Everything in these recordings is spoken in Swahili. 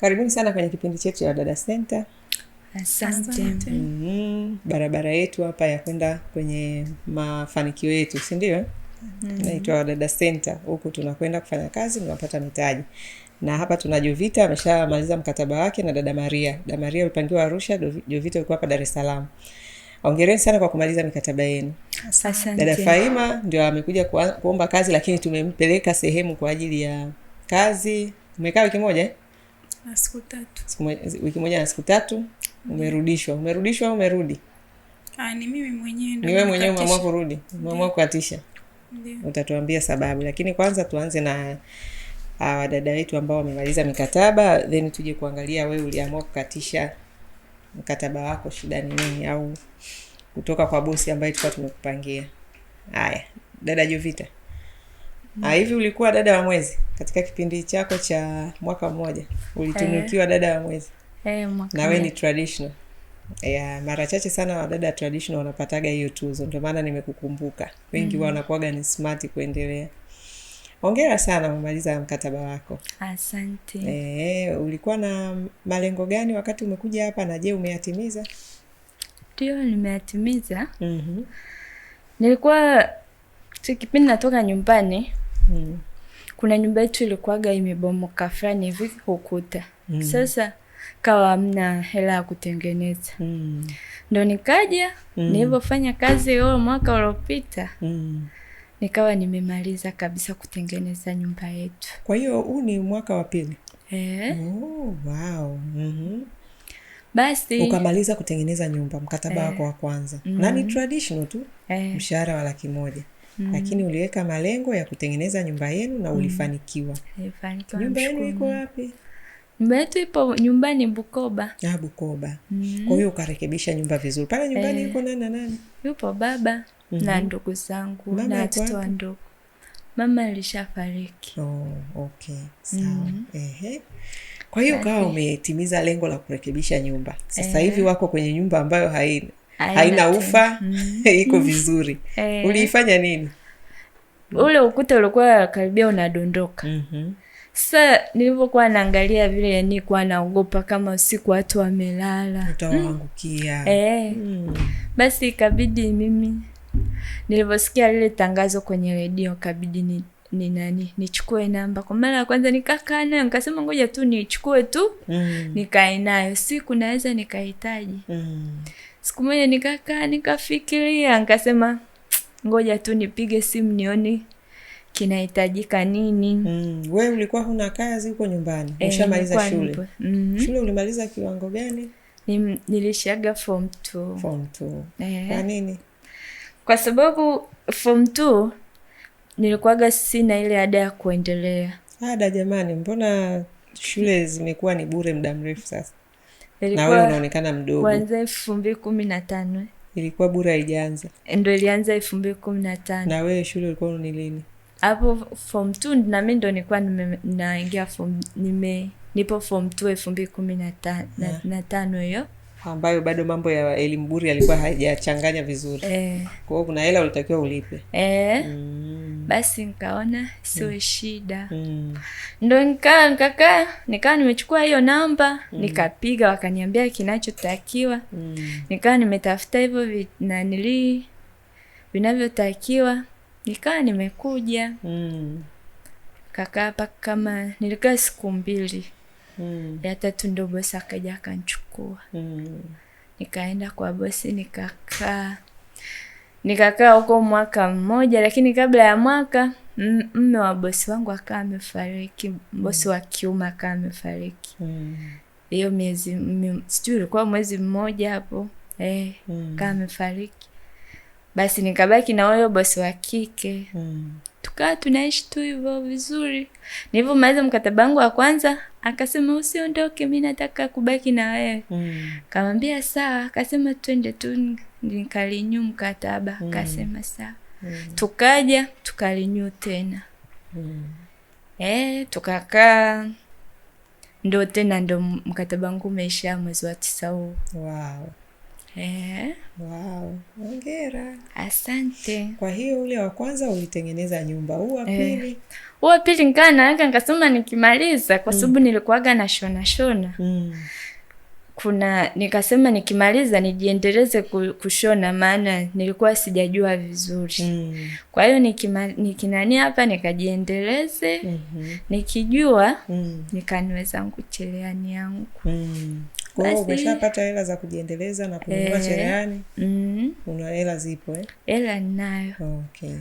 karibuni sana kwenye kipindi chetu cha dada senta Asante. Mm-hmm. Barabara yetu hapa ya kwenda kwenye mafanikio yetu, si ndio? Mm-hmm. Naitwa Wadada Huku tunakwenda kufanya kazi, tunapata mitaji na hapa tuna Jovita ameshamaliza mkataba wake na dada Maria. Dada Maria amepangiwa Arusha, Jovita ulikuwa hapa Dar es Salaam. sana kwa kumaliza mikataba yenu. Dada Faima ndio amekuja kuomba kazi, lakini tumempeleka sehemu kwa ajili ya kazi. Umekaa wiki moja eh? na siku tatu. Siku moja, wiki moja na siku tatu umerudishwa. Umerudishwa au umerudi? Ah, ni mimi mwenyewe ndio. Ni wewe mwenyewe umeamua kurudi. Umeamua kuatisha. Utatuambia sababu, lakini kwanza tuanze na ah, wadada wetu ambao wamemaliza mikataba, then tuje kuangalia wewe uliamua kukatisha mkataba wako, shida ni nini, au kutoka kwa bosi ambaye tulikuwa tumekupangia. Haya, dada Jovita. Ah, hivi ulikuwa dada wa mwezi katika kipindi chako cha mwaka mmoja ulitunukiwa hey. Eh. dada wa mwezi hey, eh, na we ni traditional yeah, mara chache sana wadada traditional wanapataga hiyo tuzo, ndio maana nimekukumbuka. Wengi mm. wanakuwaga ni smart kuendelea. ongera sana umemaliza mkataba wako, asante. E, ulikuwa na malengo gani wakati umekuja hapa na je, umeyatimiza? Ndio, nimeyatimiza. mm -hmm. Nilikuwa kipindi natoka nyumbani Mm. Kuna nyumba yetu ilikuwaga imebomoka fulani hivi ukuta mm. Sasa kawa amna hela ya kutengeneza mm. Ndo nikaja mm. nilivyofanya kazi huo mwaka uliopita mm. nikawa nimemaliza kabisa kutengeneza nyumba yetu. Kwa hiyo huu ni mwaka wa pili eh? Oh, wow. mm-hmm. Basi ukamaliza kutengeneza nyumba, mkataba eh, wako wa kwanza mm. na ni mm. traditional tu eh, mshahara wa laki moja Mm. lakini uliweka malengo ya kutengeneza nyumba yenu na mm. ulifanikiwa. nyumba yenu iko wapi? nyumba yetu ipo nyumbani Bukoba. Ah, Bukoba. mm. Kwa hiyo ukarekebisha nyumba vizuri pale nyumbani. iko eh. yuko nani na nani? Yupo baba mm -hmm. na mhm. ndugu zangu na watoto wa ndugu. Mama alishafariki. Oh, okay. mm -hmm. Kwa hiyo ukawa umetimiza lengo la kurekebisha nyumba. Sasa hivi eh. wako kwenye nyumba ambayo haina haina ufa mm. iko vizuri eh. uliifanya nini ule ukuta ulikuwa karibia unadondoka mm-hmm. sa nilivyokuwa naangalia vile, yani kuwa naogopa kama usiku watu wamelala utawaangukia. mm. E, mm. Basi ikabidi mimi nilivyosikia lile tangazo kwenye redio kabidi ni, ni nani nichukue namba kwa mara ya kwanza, nikakaa nayo nikasema ngoja tu nichukue tu mm. nikae nayo siku naweza nikahitaji mm siku moja nikakaa nikafikiria, nkasema ngoja tu nipige simu nioni kinahitajika nini. Mm, we ulikuwa huna kazi huko nyumbani e, ushamaliza shule mm -hmm. Shule ulimaliza kiwango gani? Ni, nilishaga form two. Form two. E. Kwa nini? Kwa sababu form t nilikuwaga sina ile ada ya kuendelea. Ada jamani, mbona shule zimekuwa ni bure muda mrefu sasa? na unaonekana mdogo. Kuanzia elfu mbili kumi na tano eh? ilikuwa bure haijaanza, ndo ilianza elfu mbili kumi na tano Na wewe shule ulikuwa ni lini hapo? Form two na ndo nikuwa naingia form, nime nipo form two elfu mbili kumi na tano yeah. na tano hiyo ambayo bado mambo ya elimu buri yalikuwa hayajachanganya vizuri eh. Kwa hiyo kuna hela ulitakiwa ulipe eh. mm basi nkaona sio mm. shida mm. ndo nkaa nkakaa nikawa nimechukua hiyo namba mm. nikapiga wakaniambia kinachotakiwa mm. nikawa nimetafuta hivyo nanilii vinavyotakiwa nikawa nimekuja mm. kakaa paka kama nilikaa siku mbili mm. ya tatu ndo bosi akaja akanchukua mm. nikaenda kwa bosi nikakaa Nikakaa huko mwaka mmoja, lakini kabla ya mwaka mme wa bosi wangu akawa amefariki, bosi wa kiume akawa amefariki hmm. hiyo mm. miezi sijui ilikuwa mwezi mmoja hapo eh, mm. kaa amefariki, basi nikabaki na huyo bosi wa kike mm tukaa tunaishi tu hivyo vizuri nilivyomaliza mkataba wangu wa kwanza akasema usiondoke mi nataka kubaki na wewe mm. kamwambia sawa akasema twende tu nikalinyu mkataba mm. akasema sawa mm. tukaja tukalinyu tena mm. e, eh, tukakaa ndo tena ndo mkataba wangu umeisha mwezi wa tisa huu wow ongera Wow, hongera. Asante. Kwa hiyo ule wa kwanza ulitengeneza nyumba, huu wa pili? Huu wa pili nikaa naweka nikasema nikimaliza, kwa mm. sababu mm. nilikuwaga na shona shona mm. kuna nikasema nikimaliza nijiendeleze kushona, maana nilikuwa sijajua vizuri mm. kwa hiyo nikinani hapa nikajiendeleze mm -hmm. nikijua mm. nikaniweza kucheleani yangu mm. Kwa hiyo umeshapata hela za kujiendeleza na kununua e, cherehani mm, una hela zipo eh? Hela ninayo. Okay.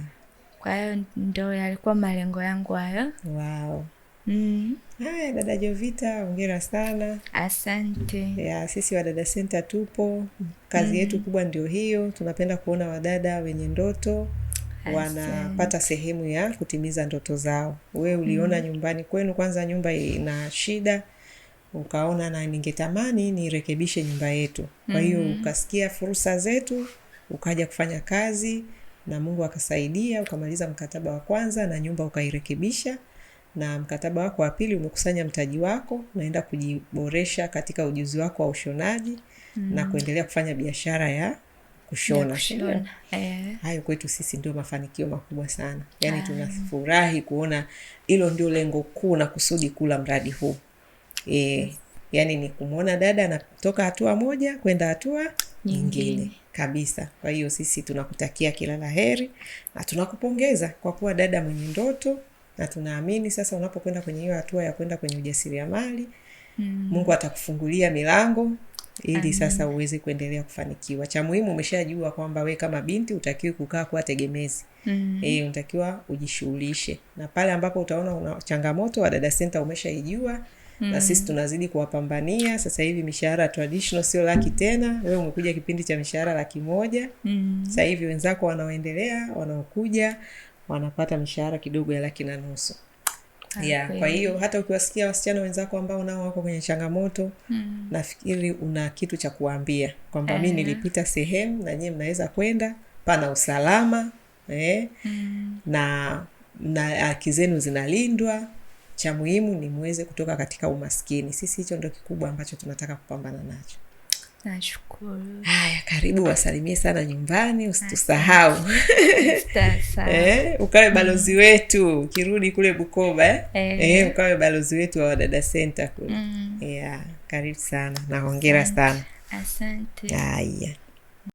Kwa hiyo ndo yalikuwa malengo yangu hayo. Wow. Mm. Haya, dada Jovita, hongera sana. Asante. Ya, sisi Wadada Senta tupo kazi mm, yetu mm-hmm. kubwa ndio hiyo. Tunapenda kuona wadada wenye ndoto wanapata sehemu ya kutimiza ndoto zao. We uliona mm, nyumbani kwenu kwanza nyumba ina shida ukaona na ningetamani nirekebishe nyumba yetu. Kwa hiyo mm-hmm. ukasikia fursa zetu ukaja kufanya kazi na Mungu akasaidia, ukamaliza mkataba wa kwanza na nyumba ukairekebisha, na mkataba wako wa pili umekusanya mtaji wako, unaenda kujiboresha katika ujuzi wako wa ushonaji mm-hmm. na mhm. kuendelea kufanya biashara ya kushona, kushona. Yeah. Hayo kwetu sisi ndio mafanikio makubwa sana, yaani ah. tunafurahi kuona hilo ndio lengo kuu na kusudi kuu la mradi huu e, yani ni kumwona dada anatoka hatua moja kwenda hatua nyingine kabisa. Kwa hiyo sisi tunakutakia kila la heri na tunakupongeza kwa kuwa dada mwenye ndoto, na tunaamini sasa unapokwenda kwenye hiyo hatua ya kwenda kwenye ujasiriamali mm. Mungu atakufungulia milango ili Amin. Sasa uweze kuendelea kufanikiwa. Cha muhimu umeshajua kwamba we kama binti utakiwi kukaa kuwa tegemezi mm. E, unatakiwa ujishughulishe na pale ambapo utaona una changamoto, wa Wadada Senta umeshaijua na hmm. sisi tunazidi kuwapambania. Sasa hivi mishahara traditional sio laki tena, wewe umekuja kipindi cha mishahara laki moja mm. sasa hivi wenzako wanaoendelea wanaokuja wanapata mishahara kidogo ya laki na nusu Yeah, Kwa hiyo hata ukiwasikia wasichana wenzako ambao nao wako kwenye changamoto mm. nafikiri una kitu cha kuambia kwamba mi eh. nilipita sehemu na nyie mnaweza kwenda, pana usalama eh? mm. na na haki zenu zinalindwa cha muhimu ni mweze kutoka katika umaskini. Sisi hicho ndo kikubwa ambacho tunataka kupambana nacho. Nashukuru. Haya, karibu wasalimie sana nyumbani, usitusahau eh, ukawe balozi wetu ukirudi kule Bukoba eh? Eh. Eh, ukawe balozi wetu wa Wadada Center kule mm. Yeah, karibu sana na hongera sana asante. Haya.